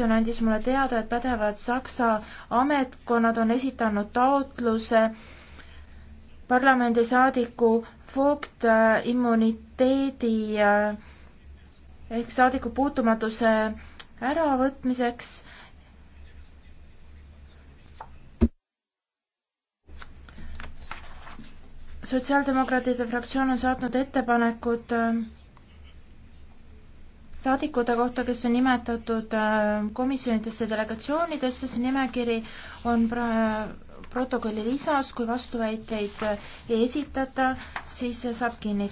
komisjon andis mulle teada, et pädevad Saksa ametkonnad on esitanud taotluse parlamendisaadiku Vogt äh, immuniteedi äh, ehk saadiku puutumatuse äravõtmiseks sotsiaaldemokraatide fraktsioon on saatnud ettepanekud äh, saadikute kohta, kes on nimetatud äh, komisjonidesse ja delegatsioonidesse, see nimekiri on protokolli lisas, kui vastuväiteid äh, ei esitata, siis saab kinnitada.